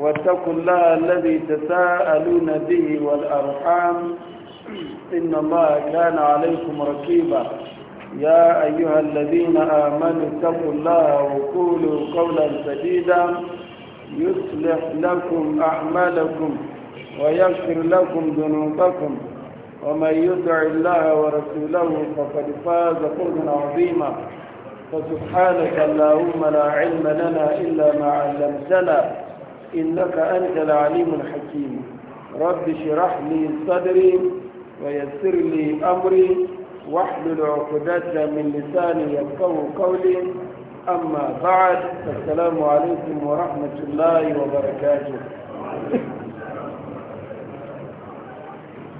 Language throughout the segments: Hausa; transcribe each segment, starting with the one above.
واتقوا الله الذي تساءلون به والأرحام إن الله كان عليكم ركيبا يا أيها الذين آمنوا اتقوا الله وقولوا قولا سديدا يصلح لكم أعمالكم ويغفر لكم ذنوبكم ومن يطع الله ورسوله فقد فاز فوزا عظيما فسبحانك اللهم لا علم لنا إلا ما علمتنا إنك أنت العليم الحكيم رب شرح لي صدري ويسر لي أمري واحلل عقدة من لساني يفقه قولي أما بعد السلام عليكم ورحمة الله وبركاته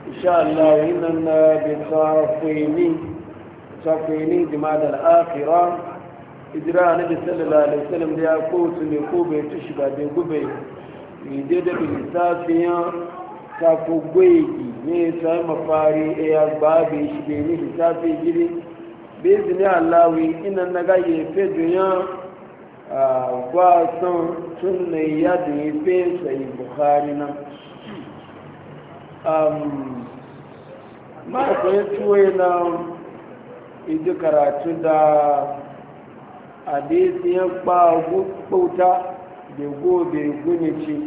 إن شاء الله إننا بصافيني صافيني جماد الآخرة ijira annabi sallallahu alaihi wasallam da ya kowace ne ko bai tushi ba bai gube mai dai da lissafiyan kafin gwegi ne ta mafari ya ba bai shi bai ni lissafi gidi bai zini allawi na ga ya fe duniya a gwasan tun na ya da ya fe sai bukhari na ma akwai tuwe na karatu da hadisi ya kpagu bauta da gobe gunici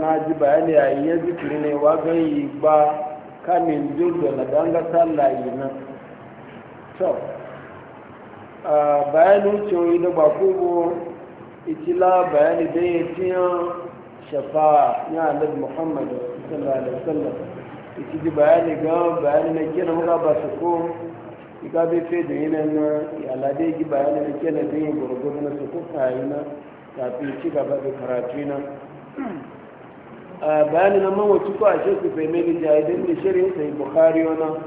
na ji bayani a yi ya zikiri ne wa yi ba kamin jirgin na danga sallaye nan to bayanin cewa da ba kubo itila bayani da ya tiyan shafa ya annabi muhammadu sallallahu alaihi wasallam iti ji bayani ga bayani na gina muka ba su ko iga bai fe da yanayin na alade yi bayanin da ke na zai gurgurin na su kuka yi na kafin ci gaba da karatu na a bayanin na mawaci ko a shekku fai mai jahidin da shirin sai bukari wana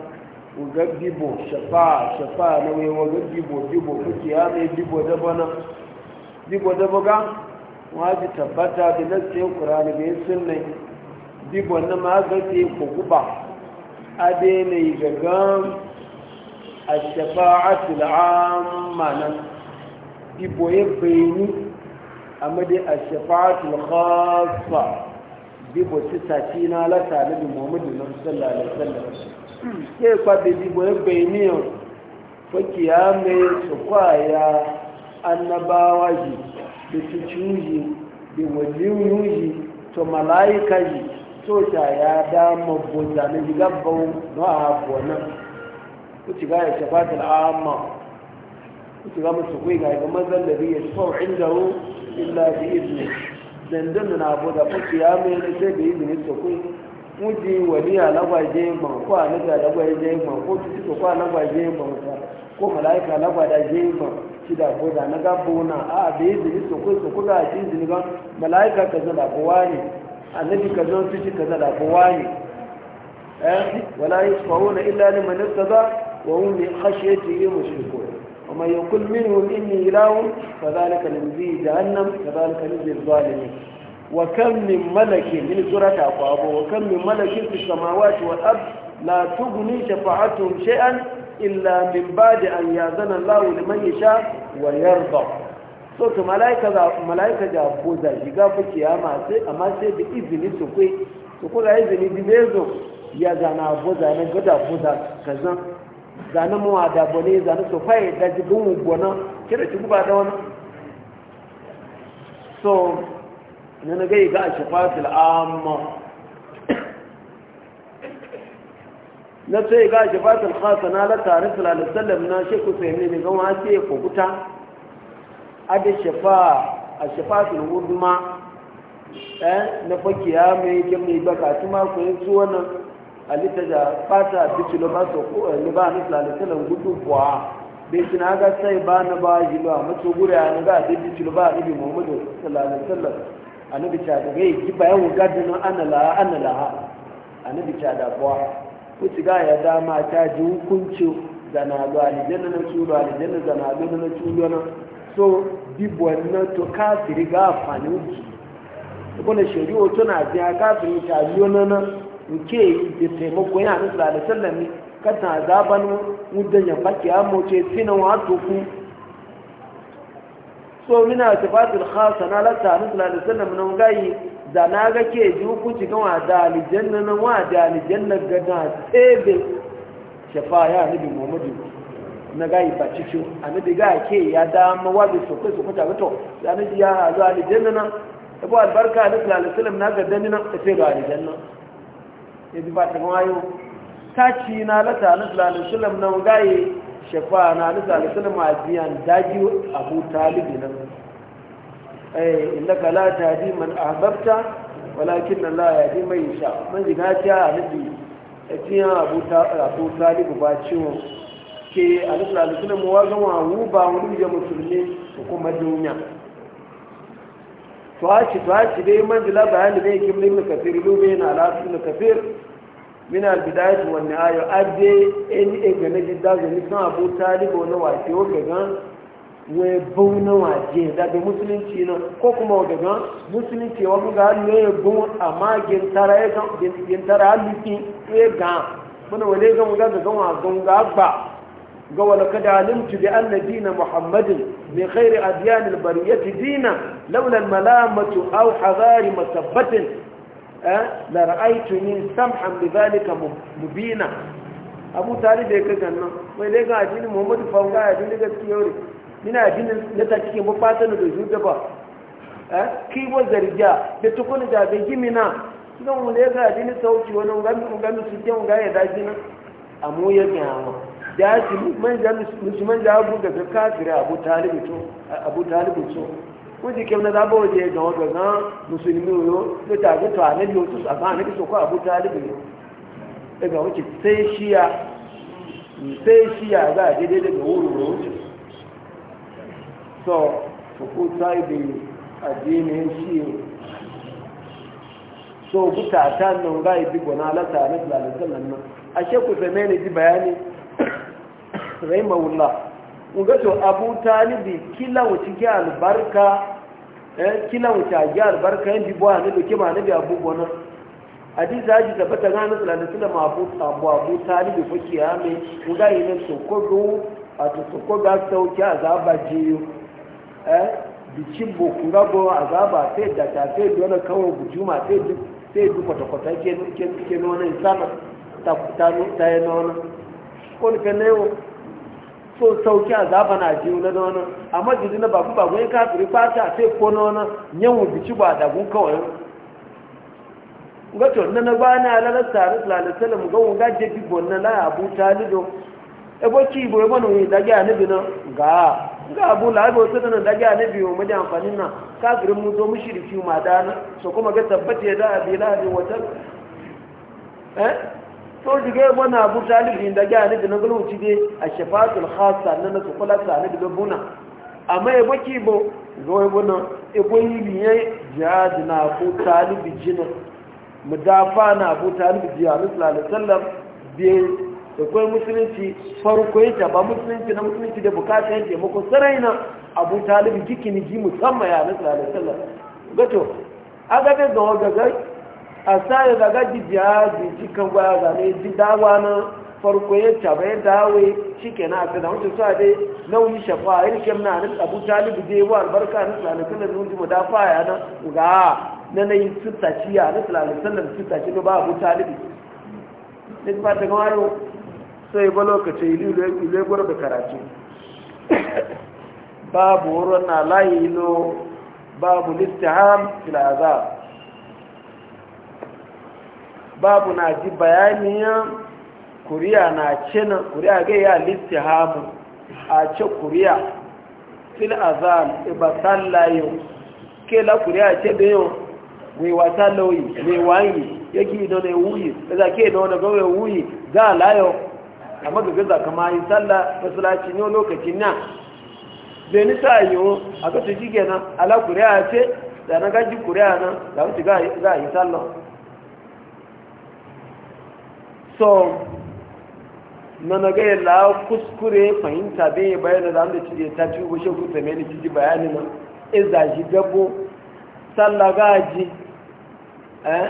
ugar dibo shafa shafa na wai wa dibo dibo kuke ya mai dibo dabo na dibo dabo ga waji tabbata da nasayin kurani bai sunnai dibo na ma ga ko kokuba, a daina yi gagan الشفاعة العامة إبو náà أمدي الشفاعة الخاصة بيبو ستاتينا لتا نبي محمد صلى الله عليه وسلم كيف بيبو يبيني fakiyame su kwaya annabawa da cucuji da waliyuji to malaika ya dama bota kuci ga ya shafatul amma kuci ga musu kuyi ga ga manzan da biya sau inda hu illa bi izini dandan na abu da kuci ya mai na sai da izini to ku muji wani a lagwaje ma ko a naga lagwaje ma ko tutu ko a lagwaje ma ko mala'ika je ma ki da ko da na gabo na a da izini to ku su ku a cikin izini ga mala'ika ka da ko wani annabi kaza su shi kaza da kowa ne eh, wala yusfauna illa liman irtada وهم من خشيته مشركون ومن يقل منهم إني إله فذلك نجزيه جهنم كذلك نجزي الظالمين وكم من ملك من سورة أقوابه وكم من ملك في السماوات والأرض لا تغني شفاعتهم شيئا إلا من بعد أن يأذن الله لمن يشاء ويرضى صوت ملائكة ملائكة za malaika ja boza shiga fa kiyama sai amma sai da izini su kai to ko da izini dibezo ya zana boza zane mu a dabone zane so fayi da jibin gona kira ci guba da wani so ne na gai ga a fasil amma na so ga a fasil khasa na la tare sallallahu alaihi na shi ku sai ne ga wa sai ku kuta adi shafa a shafatul hudma eh na fakiya mai kin mai baka tuma ku yi su wannan alitaja fata biki baso ba ko ni eh, ba ni plan tele gudu kwa be kina ga sai ba na ba ji lo amma to gure an ga da biki ba ni muhammad sallallahu alaihi wasallam annabi ta ga yi ki bayan wuga na ana la ana ha annabi ta da kwa ku ci ga ya da ma ta ji hukunci da na ga aljanna na tsuro aljanna da na ga na tsuro na so bibo na to kafiri ga fani ko ne shari'o to na ji kafiri ta yi na nke da taimako yana da sulala sallami kata zaban mudan ya baki amma ce sinan wato ku so mina ta tafatul khasa na latta da sulala sallami na gayi da na ga ke ji ci ga wa da aljanna na wa da aljanna ga da tebe shafa ya nabi muhammadu na gayi ba cikin annabi ga ke ya da dama wa bi so kai so kuta ga to annabi ya zo aljanna nan abu albarka da sulala sallami na ga danna sai ga aljanna ebi ba ta mawayo ta ci na lata alisalali sulam nan gaye shafa na alisalali sulam a biyan daji abu talibi nan eh inda ka la ta ji man ahbabta walakin nan la ya ji mai sha man jiga a nufi a cikin abu talibi ba ciwon ke alisalali sulam wa gama wu ba wani ya musulmi su kuma duniya tuwaci tuwaci dai manjila bayani bai kim ibn kafir lube na alasu ibn kafir min albidayat wa nihaya ade en e gane jidda ga abu talib wa wace wa gaga we bau na waje da da musulunci na ko kuma wa gaga musulunci wa ga ne bau amma gin tara ya ga gin tara aliki ya ga muna wale ga mu ga ga ga ga ba ga wala kada alimtu bi dina muhammadin من خير أديان البرية malamatu لولا الملامة أو حذار مصبة لرأيت من سمحا بذلك مبينا abu tare da ya kai ganna mai legon ajini muhammadu fauga a ajini gaskiya wuri nina ajini na ta cikin ba fata na dozu da kiwo zargiya da tukuni da bai gimi na zan mu legon ajini sauci wani ungami su ke ungaya da ajini a mu da ya ci musulman da abu daga kafira abu talibin so kuji kyau na zaba waje ga waga na musulmi yo da tafi to anabi wasu a ba anabi ko abu talibin yo daga e wuce sai shiya sai shiya za a daidai daga wuri so su ko addinin shi so buta ta nan ga ibi gona lata na sallallahu alaihi wasallam ashe ku zame ne ji bayani rahimahullah mun ga to abu talibi kila wuce ki albarka eh kila wuce ji albarka yin bibo ne da ma ne bi abu gona hadisi haji da bata gana sallallahu alaihi wasallam abu abu abu talibi fa kiyame mun ga yi nan sokodo a to so sauki a zaba ji yi eh bikin boku rabo zaba sai da ta sai dole kawai guju ma sai duk kwata-kwata ke nuna insana ta yi nuna ko nìkan náà yóò tó sauki a zaba na jiwu na da wani a majiji na babu babu ya kafiri fata sai ko na wani yawon bici ba da gun kawai gato na na bani alalar tare lalisala mu gawon na la abu talido ebo ki ibo ebo na wuyi a nabi na ga abu la abu sai na a nabi ma mada na mu ma da na so kuma ga tabbata to dige mana bu talibi da ga ni da gulu ci dai a shafatul khassa nan su kula ta ni da buna amma ya baki bo zo ya buna e ko yi biye jihad na abu talibi jina mudafa na bu talibi jihad sallallahu alaihi wasallam biye da kwai musulunci farko ya ba musulunci na musulunci da bukata yake mako sarai na abu talibi jikini ji musamman ya sallallahu alaihi wasallam gato aga ga ga asaya daga jijiyadi cikin gwaza ne ji dawa na farko ya caba ya dawe shi ke na asada wancin sa dai nauyi shafa a irkem na nan abu talibu zai wa albarka na tsalifin da nunji mu dafa ya nan ga na na yi tsuttaci a na tsalifin da tsuttaci na ba abu talibu ne ba ta gama yau sai ba lokaci ile da karatu babu wurin na layi lo babu listiham fil azab babu na ji bayaniyan kuriya na cina kuriya ga ya liste hamu a ce kuriya fil azal iba e sallayo ke la kuriya ce da yau mai wata lauyi mai wangi ki idon ya wuyi da za ke da wani gawai wuyi za a layo a magagaza kama yi sallah masalaci ne lokacin na zai nisa yiwu a kasu shi kenan ala kuriya ce da na gaji kuriya nan da wuce za a yi sallah so na na ga la kuskure fahimta bai bayan da da cike ta ci go shi ku tame ciki bayani na iza shi gabo sallaga ji eh,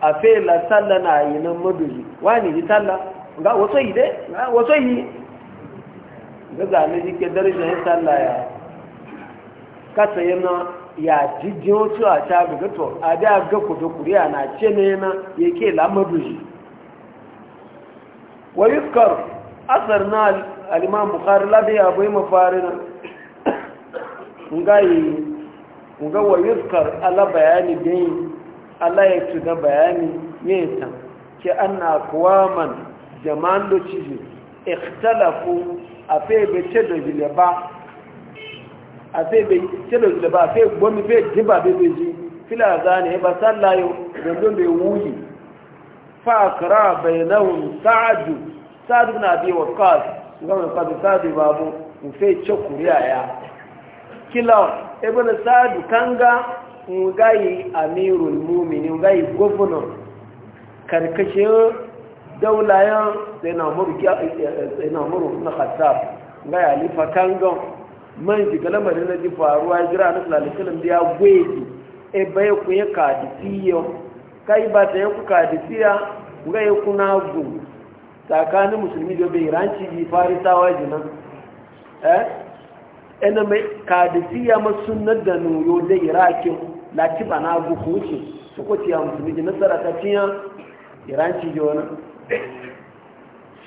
a fe la na yi nan maduji wani yi salla ga wato yi dai wato yi ga zane ji ke darajar yin salla ya kasa yana ya jijin wasu a ta gaga to a da ga kudu kuriya na ce ne na yake la maduji wa yuzkar asar na al-imam bukhari labe abai mafarina ngai nga wa yuzkar ala bayani dai ala ya tuga bayani ne ta ke anna kwaman jama'an da ciji ikhtalafu a febe ce da jileba a febe ce da jileba a febe gwamnati febe jiba bebe ji fila zane ba sallayo da don bai wuyi fakara bai Sadu Sadu sa'adu na bi wa kaz ga mai kwazi sa'adu babu mu sai ce kuriya ya kila ebola sa'adu kan ngayi amirul mumini ngayi governor karkashe daula ya na muru ki sai na ngayi alifa kan ga man ji galamari na ji faruwa jira na lalikulun da ya gwe ebe ku ya kadi fiyo kaibata ya kuka siya ga ya kuna gu tsakanin musulmi da bai ranci bi farisawa jinan eh ina mai ka disiya ma sunnar da nuyo da irakin lati bana gu kuce su kwace ya musulmi da nasara ta tiya iranci ji wani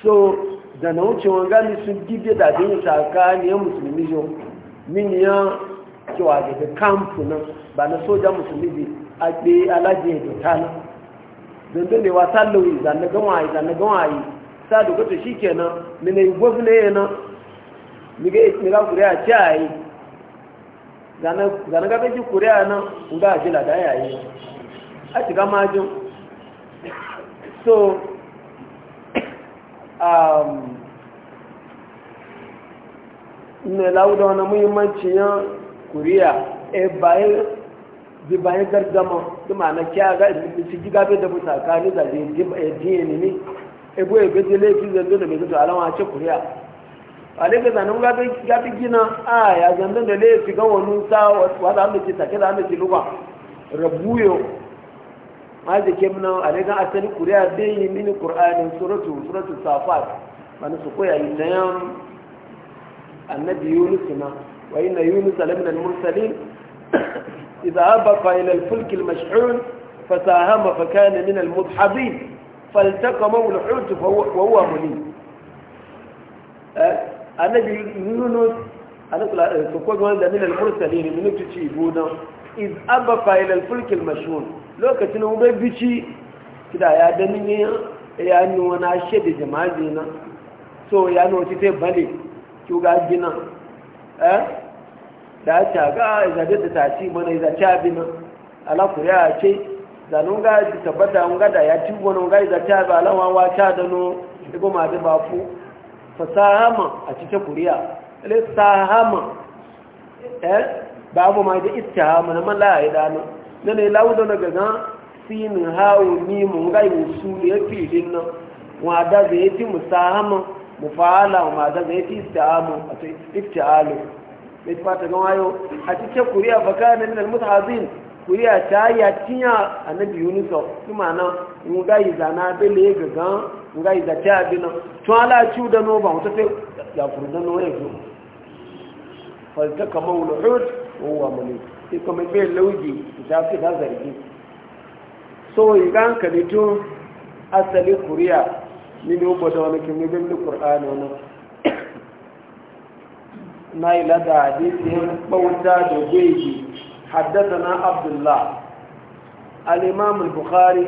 so da na wuce ni sun gibe da bin tsakanin musulmi jo min ya kewa daga kamfu nan ba na soja musulmi agbe alaje edo tana dondo ne wa sallo izanne gawa izanne gawa yi sa dogo to shikenan ne ne yana ni e ga ni kuriya ci ayi zana zana ga ji kuriya nan ga ji la da yayi a ci ga majin so um ne lauda na muhimmancin kuriya e bayan e bi bayan gargama duma na kya ga ci giga bai da buta kani da je je ne ne e boye ga je le fi zando da bai zuwa alama ce kuriya ale laifin zanen ga ga gina a ya zandan da laifi ga wani sa wa da ce take da mu ce luba rabuyo ma je ke mun a laifin asali kuriya dai yi mini qur'ani suratu suratu safat man su koya na yan annabi yunus na wa na yunus lamina al-mursalin إذا هبط إلى الفلك المشحون فساهم فكان من المضحضين فالتقمه الحوت وهو مليم أه؟ النبي يونس تقول من المرسلين من تشيبون إذ أبق إلى الفلك المشحون لو كتنه بيبتي كده يا دنيا يا وانا شد جماعة دينا سو يا نوتي تبالي bale ki ga gina da ta ga izabe da ta ci mana iza ta bi na ala a ce da nun ga ta tabbata un ga da ya ci gona ga iza ta ba ala wa ta da no ibo ma da ba fu fasahama a cikin kuriya le sahama eh babu ma da ittihama na mala ya da nan nan lawo da ga ga sin hawo ni mun ga usul ya filin nan wa da zai ti musahama mufa'ala wa ma da zai ti istihama a cikin iftialu mai fata gan wayo a cikin kuriya baka na minal mutazin kuriya ta ya tinya annabi yunus kuma na nga ga yi zana bele ga gan nga ga yi da ta bina to ala ci da no ba mutafe ya da no ya zo falta kama ulhud huwa malik sai kama bai lauji ta fi da zargi so idan ka to asali kuriya ni ne ba da wani kimi bin qur'ani wannan نايل دا حديثهم بوتا دوجيجي حدثنا عبد الله الإمام البخاري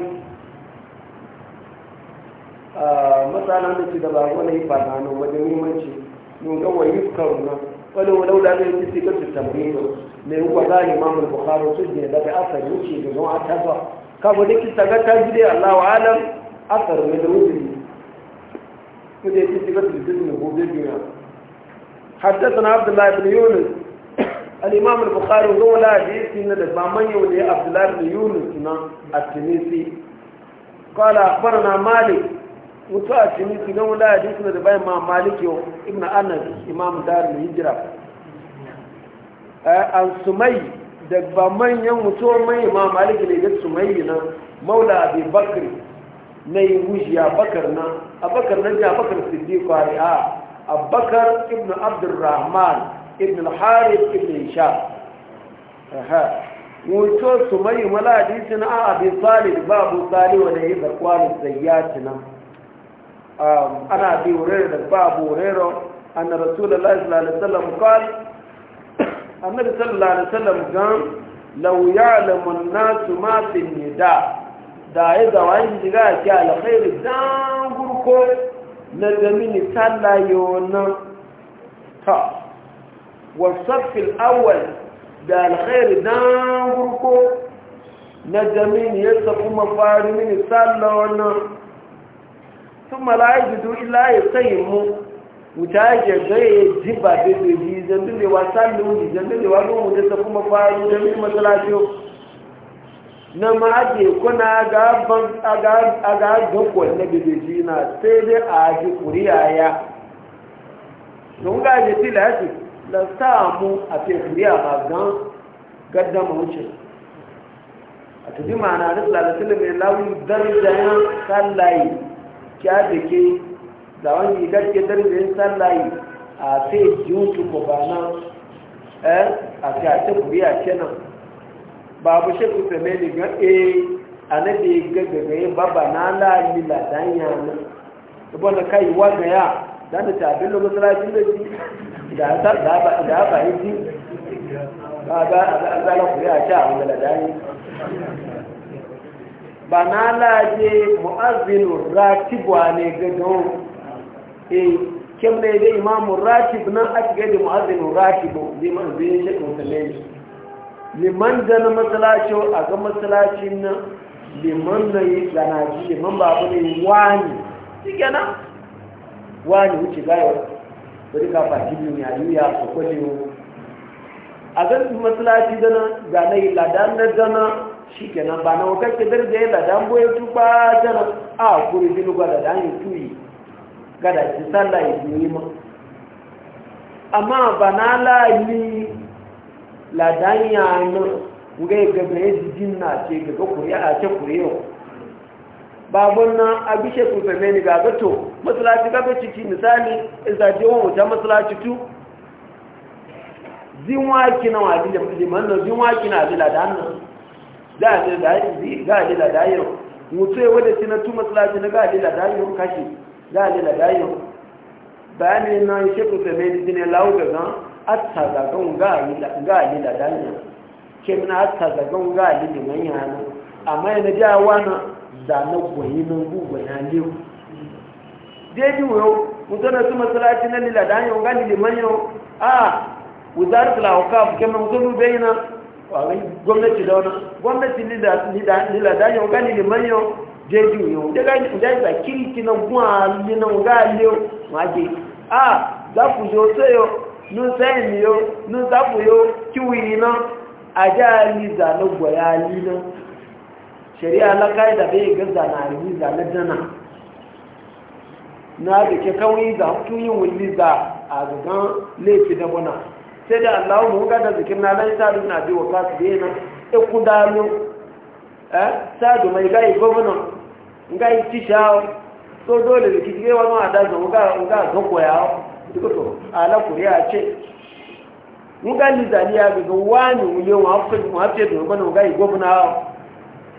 مثلا نتي دا باغونا يفانانو وجميع منشي نوغا ويذكرنا ولو لولا ذلك تسيكت التمرين mai huwa za imam bukhari su ne daga asar wuce da zuwa ta zuwa kabo da kisa ga ta gide Allah wa alam asar mai da wuce ne ku da kisa ga su da gobe biya حدثنا عبد الله بن يونس الإمام البخاري هو لا حديث من الإمام ولي عبد الله بن يونس التنيسي قال أخبرنا مالك متأكد من هو لا حديث من الإمام مالك ابن أنس إمام دار الهجرة آه، عن سمي دقبا من يمتور من إمام مالك سمي سمينا مولى أبي بكر نيوجي أبكرنا أبكر نجي بكر الصديق قال آه بكر ابن عبد الرحمن ابن الحارث ابن هشام أها. وتو سمي ولا حديثنا ابي طالب باب طالب وله بقوال الزياتنا ام انا ابي هريره باب هريره ان رسول الله صلى الله عليه وسلم قال ان صلى الله عليه وسلم قال لو يعلم الناس ما في النداء da ya zawa yin jiga ya ce نجميني تلا يونا تا والصف الأول دا الخير دانغركو نجمين يصفو مفارمين سالونا ثم لا يجدو إلا يصيمو متاجة زي جبا بيجي زمين وصالو جمين وغمو جسفو مفارمين مثلا شو na maje kuna ga gwakwar na bibeji na sai dai a haji kuriya ya sun gaje tila ya ce da samu a ce kuriya ba gan gadda mawucin a tafi ma'ana na tsalatsila mai lawin darjayen sallaye kya da ke da wani garke darjayen sallaye a fi jiwutu ko ba nan eh, a ce a ce kuriya kenan babu shi su tame ni ga e anabi ga ga ya baba na la yi la dan ya na ba na kai wa ga ya dan da tabin lo masalaci da ji da ta da ba da ba yi ji ba ga ga la ku ya ta wanda la dan ba na la je muazzinu ratibwa ne ga don e kem ne dai imamu ratib nan ake ga muazzinu ratibu zai man zai shi ko tale liman da na matsalaci a ga matsalacin nan liman na yi ganaji liman ba abu ne wani shi kenan wani wuce gayar wani kafa biyu ne a yi ya su kwaje a ga matsalaci dana gana yi ladan na dana shi kenan ba na wakakke darja yi ladan boye tuba dana a kuri bilu ga ladan yi tuyi ga da ci sallah yi ma amma ba na layi ladan ya nan ngai gaba ya jijin na ce gaba kuriya a ce kuri yau babon a abishe ku same ni ga gato masalaci gaba ciki misali izaje wa wuta masalaci tu zinwa na wa bi da liman nan zinwa kina bi ladan na za a je da yi ga je da yi mutu tina tu masalaci na ga je da yi kashi ga je da na ishe nan shekku same ni dine lawo ga attaza gon gayi da gayi da danya kemna attaza gon gayi da manyana amma yana da wana da na goyi mun gugu na lewu ji wo mutana su masalati na lila danya ga lili manyo a ah, wizaratul awqaf kemna mutunu baina wani gwamnati da wani gwamnati lila danya ga lili manyo ji wo daga da kiri na gwa lina ga lewu ma ke a ah, za ku jo sayo nusẹ́yìn yóò nusàpù yóò kíwì iná ajá aliza ló gbọ̀ya alina ṣẹ̀rí alákàí dàbí ìgbẹ́sà na aliza na dana na abike kan wiza yi yin a gagan laifi da bana sai da allahu sadu na wa sadu mai so dole ma ga ga to ala kuriya ce nga lizaliya daga wani wuye wa afirka wa afirka da wani wuga igbo na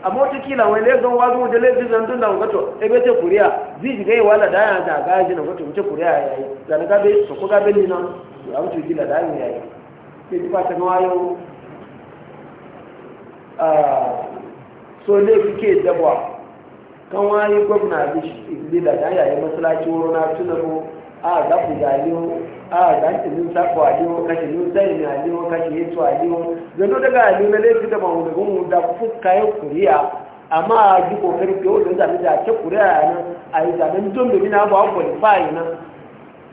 amma wani ne zan wazo da laifin zan na da wato ebe ce kuriya zai ji gaiwa da ya da gaji na wato wuce kuriya ya yi zan gabe su ko gabe ne nan ya wuce kila da ya yi ke ji fata na wayo so ne ke dabwa kan waye gwamna da shi da ya yi masalaci na a za ku zaliyo a za ki nun sako aliyo kashi nun kashi yetu aliyo zano daga aliyo na laifi da mahudagun mu da fuska yin kuriya amma a ji kokari fiye kuriya a nan a yi zaɓen abu a kwalifayi nan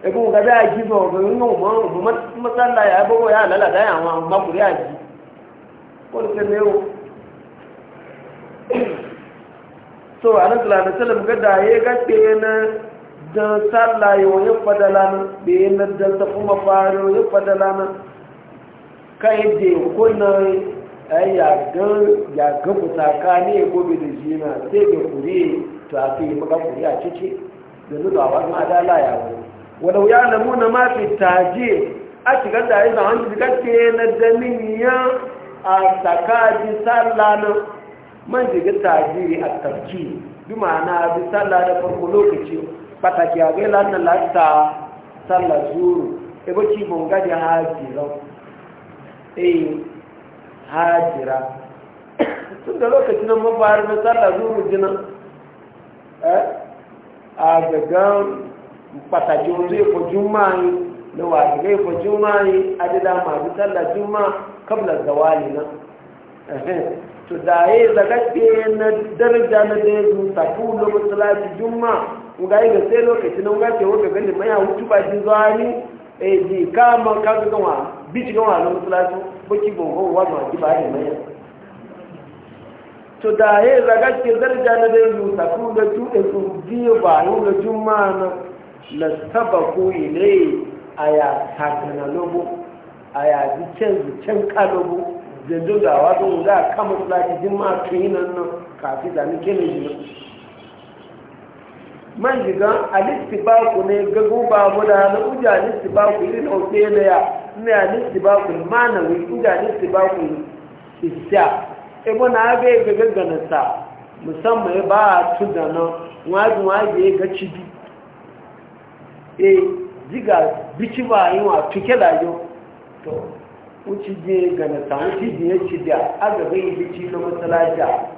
ebe ku a ji ba wa ganin ya bago ya lalata ya ma amma kuriya ji ko da sai so a nan tulalata gada na don sallah yawon yin fadalana da yi na don tafi mafari yin fadalana kai da kunan ya ga mutaka ne ya gobe da na sai da kuri to a fi maka kuri a ciki da nuna wa ma dala ya wani wadau ya lamu na mafi taje a shigar da yi zaman jigaske na ganin ya a saka ji sallah na man jigar taje a tafki bi ma'ana bi sallah da farko lokaci pàtàkì àgbẹ̀ lánàá láta sálà zúrù ebó tí mò ń gáde ha jìrọ èyí ha jìra tun da lokacin nan mafari na sallah zuru jina a gaggan pàtàkì ojú ìfọ̀ júmọ́ yìí ló wà gẹ́gẹ́ ìfọ̀ júmọ́ yìí adídá màbí sallah júmọ́ kabla zawali na to da ya yi zaga na daraja na da ya zo tafi nga yi ga sai lokaci na nga ce wata gani mai hau tuba shi zuwa ni e ji kama ka su gama bici gama na musulasu baki gongo wa ma ki ba ne mai to da he zaga ke darja na da yu ta ku da tu da su biyo ba yu da juma na la sabaku ile aya takana lobo aya ji cen ji cen ka lobo zendo da wa don ga kama musulasu jin ma tuyinan nan kafi da ni kele jinin man jigan baku ne gagu ba mu da na uja alistibaku irin ofe da ya na alistibaku manawi uja alistibaku isya ebo na aga e ga gaggana sa musamman ya e ba a tu da nan wajen wajen ya ga cibi e jiga bici ba yi wa tuke da yau to uci je gana sa uci je cibi a aga bai bici na matsalaja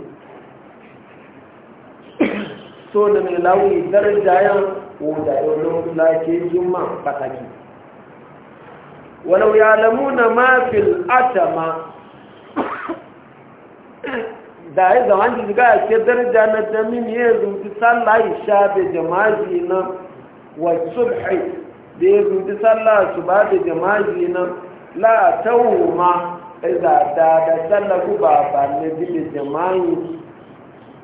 so da mai lawi daraja yan wanda yau na ke juma pataki walau ya lamu na mafil atama da ya zama ji ga ke daraja na damin ya zuci sallah isha da jama'i na wa subhi da ya zuci sallah suba da jama'i na la tawma idza da da sallahu ba ba ne bi jama'i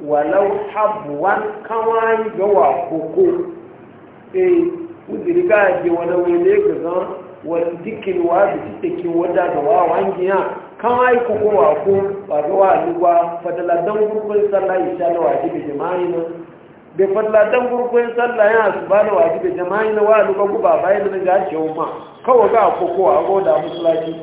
walau habuwan kawai ga wa koko eh uzuri ga je wani wele ga zan wani dikin wa da take kin wada ga wa wangiya kawai koko wa ko ba ga wa lugwa fadala dan gurbin sallah insha Allah wajibi jama'i na be fadala dan gurbin sallah ya subhana wajibi jama'i na wa lugwa ku ba bayan da ga ce ma kawai ga koko a goda musulunci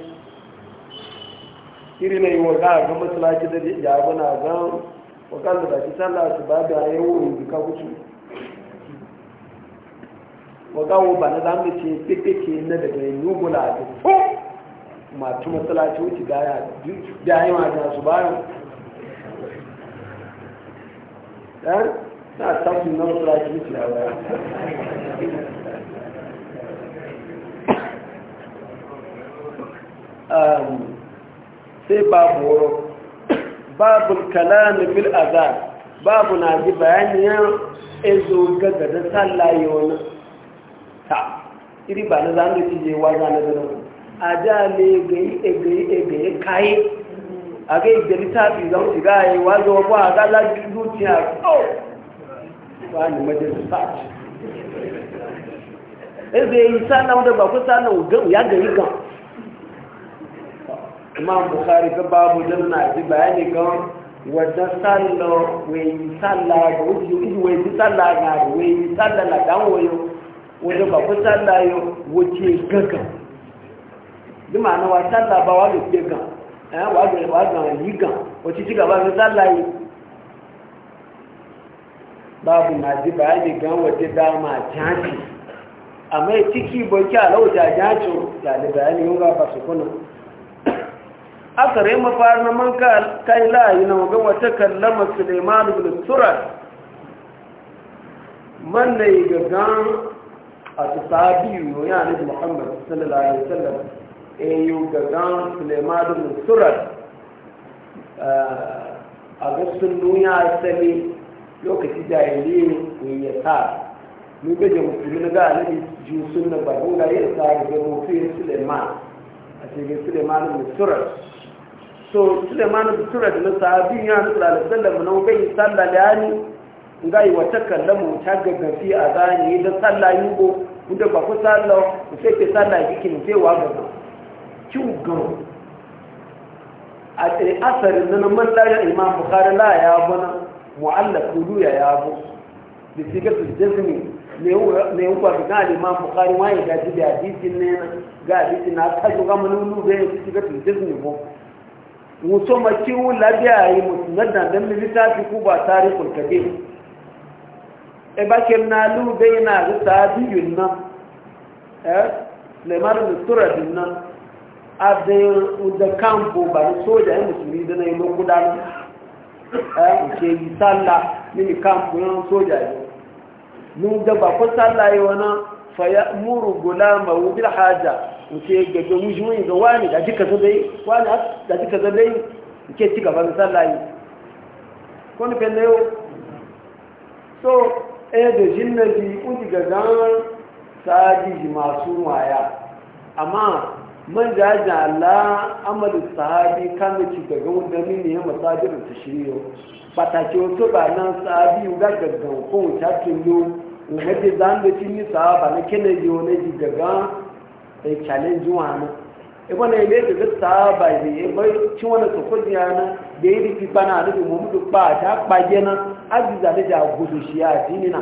iri ne wa ga ga da ya bana ga wakanda ba ki sallah ki ba da yau ne ki ka kuci wakawo ba na zamu ce fite ke na daga nugula ta fu masu masalaci wuce gaya da um, ya yi masu nasu bayan ɗan na tafi na masalaci wuce a bayan sai babu wuro babu kalami bil azan babu na ji bayani ya ezo gaga da sallaye wani ta iri ba na zanu ci je wa zanu da nan a ja le gai e gai e gai kai a ga igeli ta fi zan shiga yi wa zo ba ga la dukiya oh ba ni majalisa ezo yi sallan da ba ku sallan ya gari gan imam bukhari ga babu dalna ji bayani ga wadda sallo wai salla ga wuce wuce wai ji salla ga wai salla la dan wayo wadda ba ku salla yo wuce gaga bi ma'ana wa salla ba wa ke ga eh wa ga wa ga yi ga wuce ci ba ga salla yi babu na ji bayani kan wadda dama jaci amma ciki boki a lauta jaci da bayani yau ga fasu kuna aka rai mafarin man ka ta yi la'ayi na waga wata kallama suleiman ibn surat man na yi gagan a su sabi yiwu ya ne da muhammad sallallahu alaihi wasallam e yi gagan suleiman ibn surat a ga sunnu ya sani lokaci yi ne ya sa mun gaje musulmi na ga alaɗi ju sunna ba kun ga yi sa ga mafi suleiman a cikin suleiman ibn surat so suleiman tura da sahabi ya da alisallam na yi sallah da yani yi wata mu ta gaggafi a zani da sallah yi go kuda ba ku sallah ku sai ke sallah jikin wa gaba kin gaba a tsiri asarin na man layar imam bukari la ya bana mu'alla kudu ya ya bu da sigar gasu jazmi ne yi kwafi ga imam bukari wani gaji da hadisin ne ga hadisin na ta shuga manulu da ya sigar su jazmi bu wuto makiwu labiya yi musnadda don milita fi kuba tarihul kabir ibakin na lube e yana rita biyun nan eh lemar mistura din nan abin da kampo ba ni soja yi musulmi da na yi makudan eh nke yi sallah mini kampo yan soja yi mun da ba ko sallah yi wani faya muru gula mawu bil haja ga gomu gaggwa mai ga wani da duka dai wani da duka zadai nke ci gaban sallayi wani fende yau so eh da jinna ji uji ga zanar sajiji masu waya amma man da ja allah amalu sahabi kan ci daga wanda mini ya masajirin su shiryo pàtàkì tó bá náà sáábì ìwúgá gàgàn fóun ṣáàtúndó ìrẹ́dẹ̀dá ń lè fi ní sáábà sahaba kẹ́lẹ́ yìí ji wani ji gàgán sai challenge wani ibo na ile da ta ba ne ibo ci wani to ko yana da yi fi bana da mu mu ba ta ba gena aziza da ja gudu shi ya dinina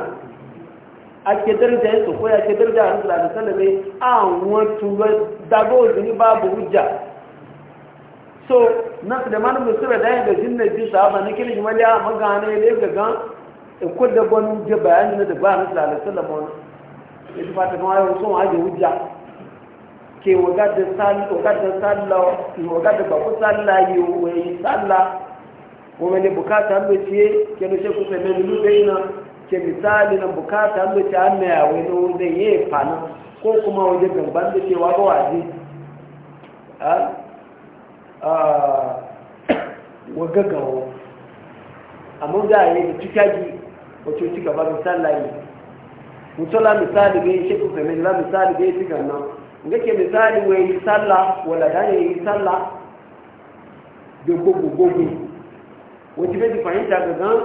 a ke darja ya so ko ya ke darja an da sallame a won tuwa dago ni babu hujja so na da man musura da yadda jinna ji sahaba na kili jimaliya magana ga gan ko da na da ba na sallallahu fata kuma hujja ke wogada sal wogada ba ku baku salla yi wei salla womene bukata ambe tie keno she ku sele lu deina ke misali na bukata ambe ta anne ya wene wonde ye pana ko kuma waje gamban da ke wago waje a a wagagawo amma da yi da cikaji wato cika ba misali mutola misali bai yi shi ku sele la misali ga yi cikan ngake misali wa yi sallah wala da ya yi sallah da gogogogo wacce bai fahimta ga gan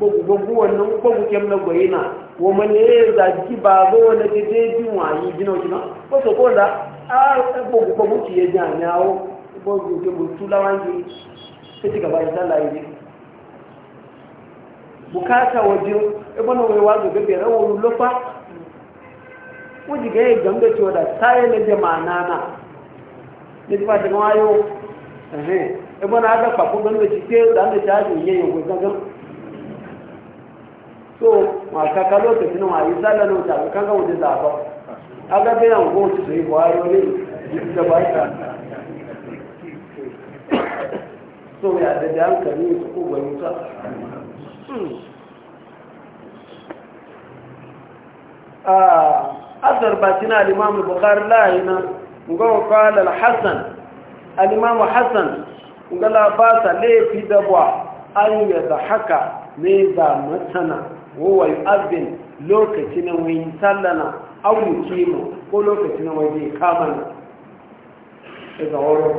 gogogogo wannan gogogo kem na goyi na wa mane ya zaki ba zo na tete jin wayi jina wacce na ko so ko da a gogogogo ki ya ji a nyawo gogogogo bu tulawan ji ta e ci gaba da sallah yi bukata wajen ibanon waiwa ga e wuji ga yi gamda cewa da saye na jama'ana na ne ba ta gama ehe ebe na aga kwakwa gamda ci ke da anda ta yi yayin ko gangan so ma ka ka lokacin ma yi sala no ta ka wuji da ba aga be ci sai ba yau ne da ba ta so ya da dan su ko gani asar ba shi na alimamu bukari la'ayina ga wakala al-hassan alimamu hassan ga labasa laifi dabwa an ya da haka ne za matana wowai abin lokaci na wani tallana auki mu ko lokaci na waje kamana ga wuro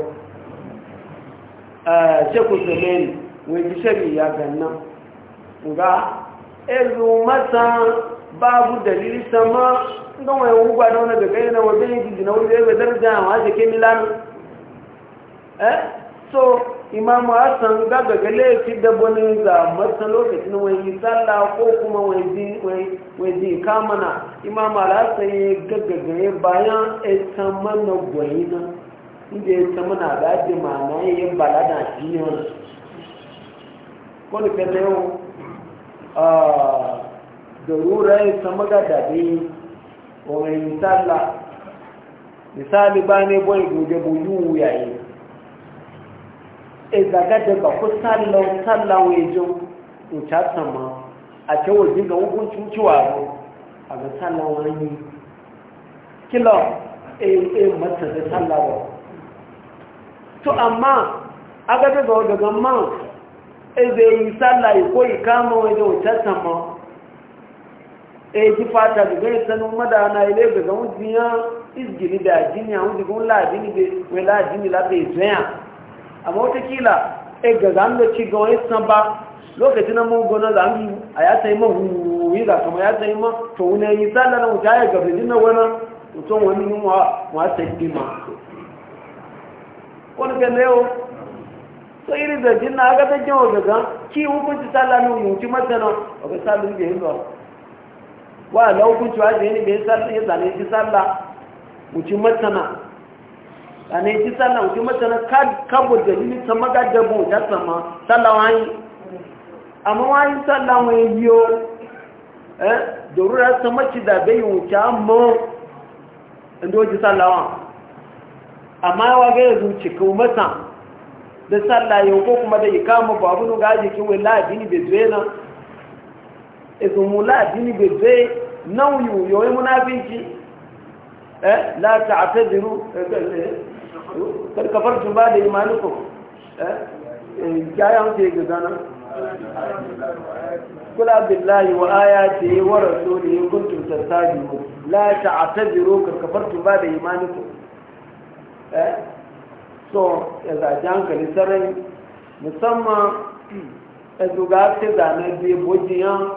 shekku zemeni wani shari ya ganna ga ezu mata babu dalilin sama don wa yau ba da wani daga yana wajen yi jijina wani zai bai jan wa ake kemi lami eh so imamu hassan ga daga laifi da wani za masa lokacin wani yi sallah ko kuma wani ji kamana imamu hassan ya gaggagaye bayan ita mana gwani na inda ya ta mana daji ma na yi balada shi ne wani kwanu kada yau da ya ta maga dabe wani misalla misali ba ne bai gobe buyu yayi e zaga da ba ku sallan sallan wajen in ta sama a ce wajen ga hukuncin ciwa a ga sallan wani e e mata da sallawa to amma aga daga daga man e zai yi sallah ko e ji fata da sanu mada na ile e ga ga da jini a wujiga wula jini da wula jini la bai zuya amma watakila e ga zan da ci ga wani sanba, ba na mun gona a ya sai ma huyi da kuma ya ma to wuna yi sallar na wuta ya gaba jina wani mutum wani yin wa wa sai bima wani ga so iri wa na hukunci wa zai ne bai sallah ya zane ki sallah mutum matana zane ki sallah mutum matana kabo da lili ta magadabo da sama sallah wani amma wani sallah wani biyo eh da rura ta maci da bai wuce amma inda wajen sallah wa amma wa ga yanzu ko mata da sallah yau ko kuma da kama babu nuga jikin wai ne bai zuwa ezumula dini bebe nauyu yoyi munafinci eh la ta'tadiru eh, eh, eh, kar kafar jumba da imanukum eh jayan ke gazana kula billahi wa ayati wa rasulihi kuntum tastajibu la ta'tadiru kar kafar da imanukum eh so ya zajan kalisarai musamman ezuga ta zane biyu bojiyan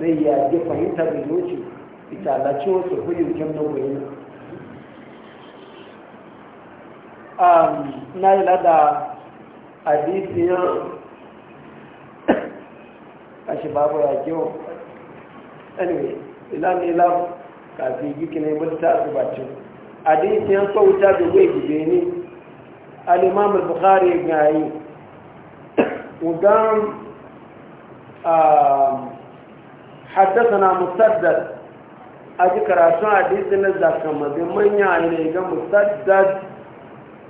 zai yage fahimtar riloci ita na ciwo su hudu jam na goyi na yi lada a shi babu ya kyau anyway ilan ilan kafin gikin ne wata asibacin a hadisiyar sauta da zai gube ne al'imam al-bukhari ga yi ugan حدثنا مسدد أجي كراسو حديث نزا كما بمن يعني مسدد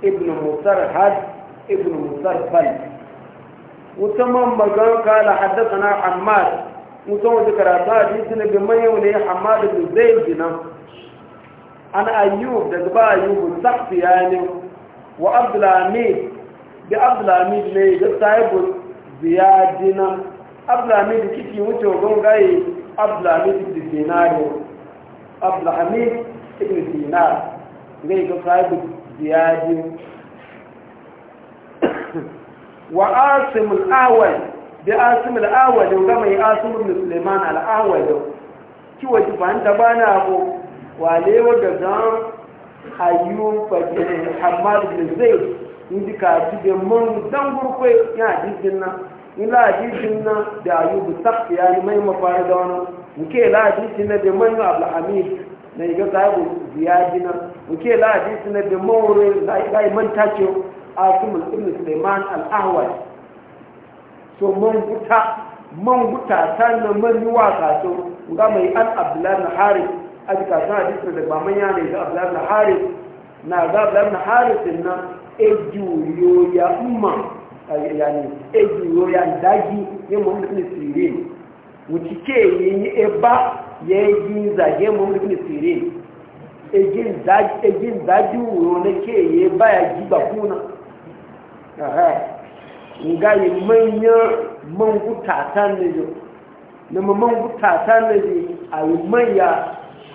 ابن مسرحد ابن مسرفل وتمام مقام قال حدثنا حماد وتمام ذكر حديث نبي من يعني حماد بن زيد عن أيوب دقبا أيوب السقف يعني وعبد العميد بعبد العميد ليه ده صاحب زيادنا abdulhamid kìkì wuce ogun gaye abdulhamid ibn dinari abdulhamid ibn dinar zai ga sahibu ziyadi wa asim al-awwal bi asim al-awwal ga mai asim ibn sulaiman al-awwal ki waje fahimta bana abu wale wa gaza ayyub bin hamad bin zaid indika ti de mun dan gurkwe ya hadisin nan Ina hadisin na da ayubu sakti ya yi mai mafari da wani muke la hadisin na da manyu abdulhamid na iga sahibu ziyadi na muke la hadisin na da mawuri zai manta ce asim ibn suleiman al-ahwal so man guta man guta ta na man wa wasa so ga mai an abdullahi na haris a jika sun hadisin da ba manya ne ga abdullahi na haris na ga abdullahi na haris na ejiyoyi ya umma yani eji ya daji ni muhammadu sirin wuci ke ni eba ya yi zage muhammadu sirin ejin daji wuro na ke yi ba ya ji bakuna nga yi manyan manguta ta ne yau na manguta ta ne yi a yi manya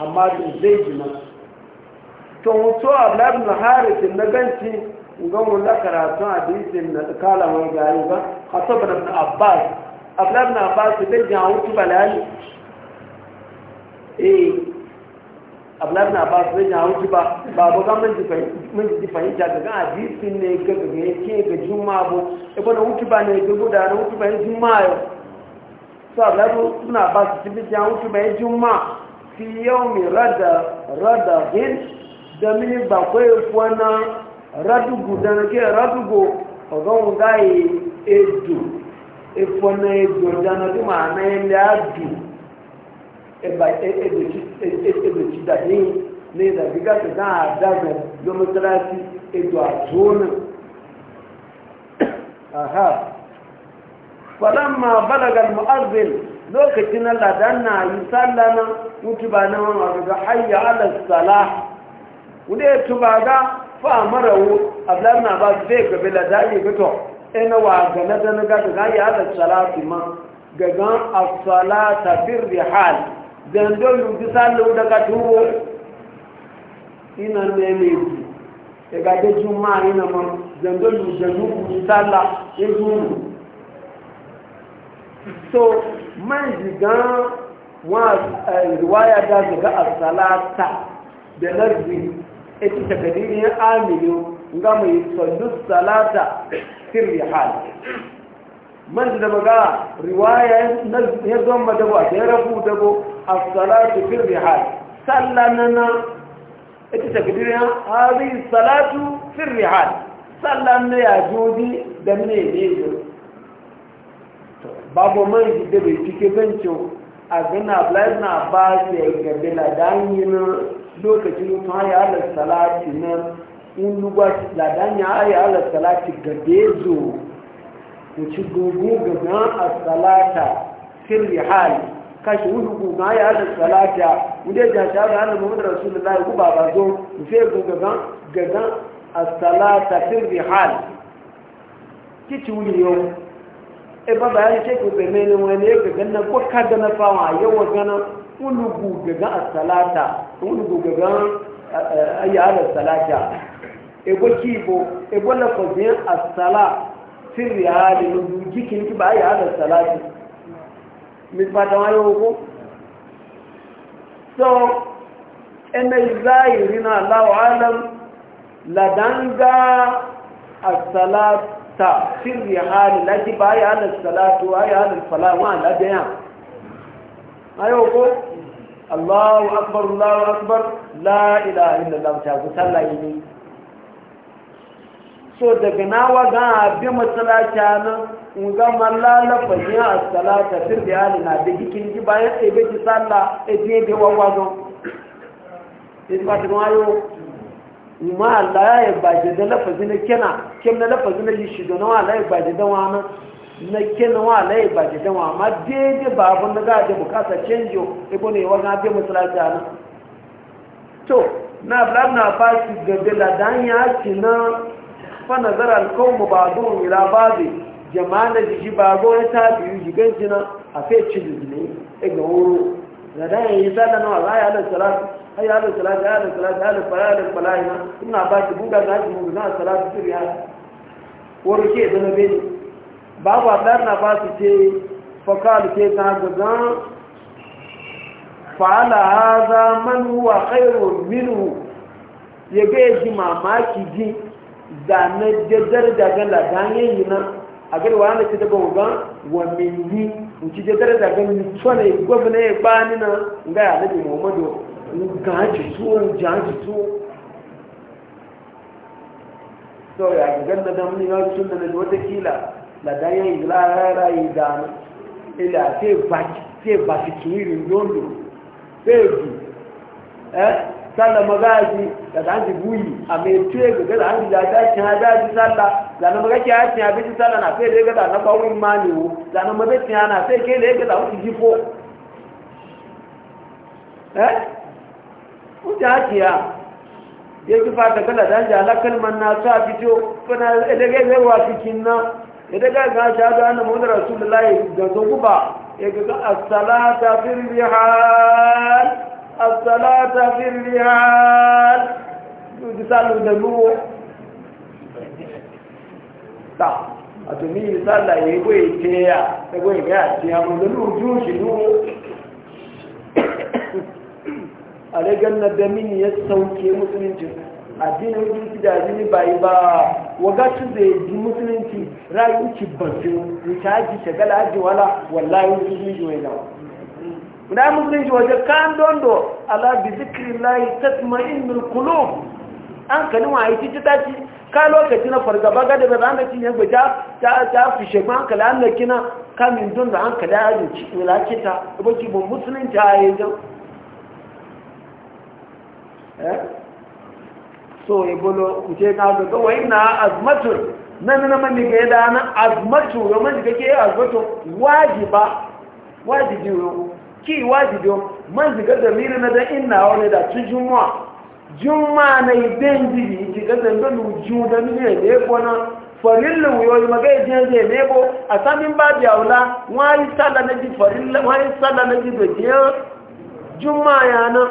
amma zai jina to mutu abu labin harisun na ganci ngon da karatun hadisin na kala wani gari ba khatab ibn abbas abdullah ibn abbas bai ga wuce balali eh abdullah ibn abbas bai ga wuce ba ba ba ga mun jifa mun jifa yin daga ga hadisin ne ga ga yake ga juma'a bo e ba wuce ba ne ga guda na wuce ba juma'a yo so abdullah ibn abbas bai ga wuce ba juma'a fi yawmi rada rada hin da mini ba kwai fuwana radugu danake radugo ogon gai edu efona edu dana du ma na ele adu e ba e e de ti e de ne da biga ta da da edu azona aha falamma balaga almu'adhdhin lokacin Allah dan na yi sallana mutuba na wannan ga hayya ala salah wude tubaga fa mara wu ablan na ba zai gabe la dai gato ina wa ga na dan ga ga ya ala salati ma ga ga as-salata bir rihal dan do lu di sallu da ka tuwo ina ne ne e ga de juma ina ma dan do lu da lu di salla e juma so man jigan wa eh, riwaya da ga as-salata da lazim ita takadirin ya amilu ga mai sallu salata sirri hal man da maga riwaya ya zama dabo a da ya rabu dabo a salatu sirri hal sallanana ita takadirin ya hari salatu sirri hal sallan ya jodi da ne ne babu man da bai cike zancin a na blaz na ba su ya gabe na danyi na lokacin kuma ya ala salati na un lugwa ladan ya aya ala salati ga bezo ci gugu gaban a salata sirri hali kashi wani gugu ya ala salata wunde da ta ga annabi Muhammad Rasulullahi ku baba zo mu fe gaban gaban as-salata sirri hali kici wuni yau e ba bayani ce ko bemele mene wani ya ga ganna ko ka na fama yau gana ulugu gaban a salata wani gugagan ayyar salata ebo kibo ebo na kwaziyan asala sirri hali na jikin ki ba ayyar salati mi fata wani hukun so ina zahiri na allahu alam ladanga asalata sirri hali ki ba ayyar salatu ayyar falawa ladayan ayo ko Allahu akbar Allahu akbar la ilaha illallah ta ku sallaye ne so daga nawa ga abi masallaci nan in ga mallala fanya as-salata fil bayani na da gikin ji bayan sai bai ki salla e je da wawazo in ba ta mayo ma Allah ya ba baje da lafazin kina kin na lafazin shi da nawa Allah ya ba baje da wani na kenan wa lai ba ke jama amma daidai ba abin da gaje bukasa canjo ibo ne wani abin musulata na to na blam na ba su gabe ladan ya ci na fana nazar alkawmu ba zuwa mila ba zai jama'a na jiji ba gona ta biyu jigan jina a fai ci jini e ga wuro ladan ya yi zala na wala ya da salatu ai ya da salatu ya da salatu ya da fara da fara ina ba shi buga za shi mu na salatu sirri ya wuri ke zama bene babu na ba su ce fakalu ke ta gudan fa'ala haza man huwa khairun minhu ya ya ji mamaki ji da na jaddar daga laganye yi na, a ga na ci daga wa ci daga gwamna ya bani na ga ya nabi muhammadu ga ji tuwo ja ji tuwo sau ya ga da mun yi wasu na wata kila lada yin ilara rayu da ila te ba shi kiririn dondo sai bi eh sallah magaji da ta hanji buyi a mai tuye ga gaza hanji da ta cin hada ji sallah maga ki magaji ya cin abinci sallah na sai da gaza na bawun mani wo da na magaji ya na sai ke da gada wuce jifo eh wuce hakiya ya ji fata kala dan hanji alakalman na sa fito kuna da gaza wa fikin nan ya ga ga ta shahadu anna muhammadu rasulullahi ga zo kuba ya ga as-salata fil rihal as-salata fil rihal du salu da mu ta a to ni mi sala ye go ite ya ta go ga ti amu da lu ju shi a ale ganna da min ya sauke musulunci addinin musulunci da addini ba yi ba waga da yi musulunci rayuci babbin wuce haji shagala haji wala wallahi musulunci wai Da guda musulunci waje kan dondo ala bi zikri lahi tatma ilmin kulub an kani wa aiki ta tashi ka lokaci na fargaba ga da ba na ci ne guja ta ta fi shekwa kala an kina kamin don da an da ya ci wulace ta ba ki musulunci a yanzu eh so ya bolo ce ka ga ga wai na azmatu nan nan man ga da nan azmatu ga man ga ke azmatu wajiba wajibi ro ki wajibi man ga da miri na da inna wani da tun juma juma na idan ji ki ga da nan ju da ni ne ne ko na farilla wuyo ma maga ya je ne ko a samin ba biya wala wani sallah na ji farilla wani sallah na ji da je juma ya na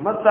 masa